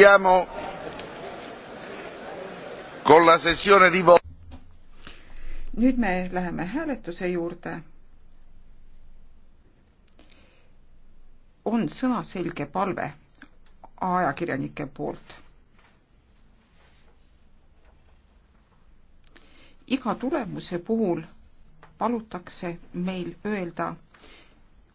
Procediamo con la sessione di voto. Nüüd me läheme hääletuse juurde. On sõnaselge palve ajakirjanike poolt. Iga tulemuse puhul palutakse meil öelda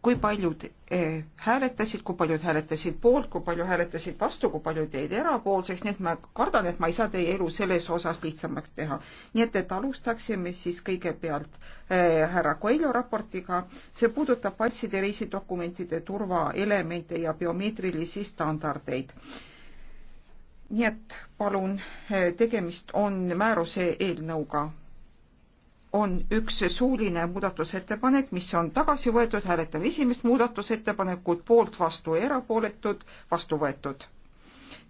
kui paljud eh, hääletasid, kui paljud hääletasid poolt, kui palju hääletasid vastu, kui paljud jäid erapoolseks, nii et ma kardan, et ma ei saa teie elu selles osas lihtsamaks teha. nii et, et alustaksime siis kõigepealt äh, härra Coelho raportiga, see puudutab passide, reisidokumentide turvaelemente ja biomeetrilisi standardeid. nii et palun, eh, tegemist on määruse eelnõuga on üks suuline muudatusettepanek, mis on tagasi võetud, hääletame esimest muudatusettepanekut, poolt, vastu, erapooletud, vastu võetud.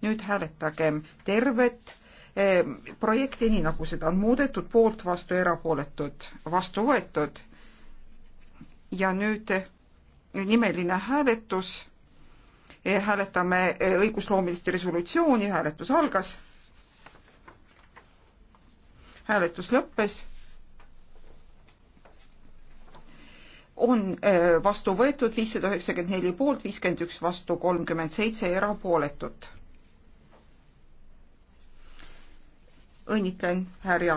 nüüd hääletagem tervet eh, projekti, nii nagu seda on muudetud, poolt, vastu, erapooletud, vastu võetud. ja nüüd eh, nimeline hääletus eh,. hääletame eh, õigusloomilist resolutsiooni, hääletus algas. hääletus lõppes on vastu võetud viissada üheksakümmend neli poolt, viiskümmend üks vastu, kolmkümmend seitse erapooletut. õnnitlen härja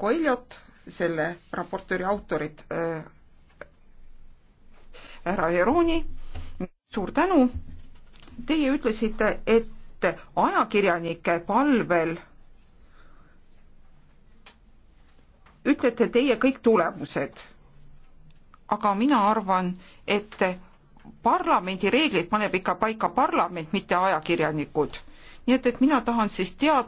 Koiljot, selle raportööri autorit, härra Jerooni, suur tänu. Teie ütlesite, et ajakirjanike palvel ütlete teie kõik tulemused aga mina arvan, et parlamendi reeglid paneb ikka paika parlament, mitte ajakirjanikud. nii et, et mina tahan siis teada,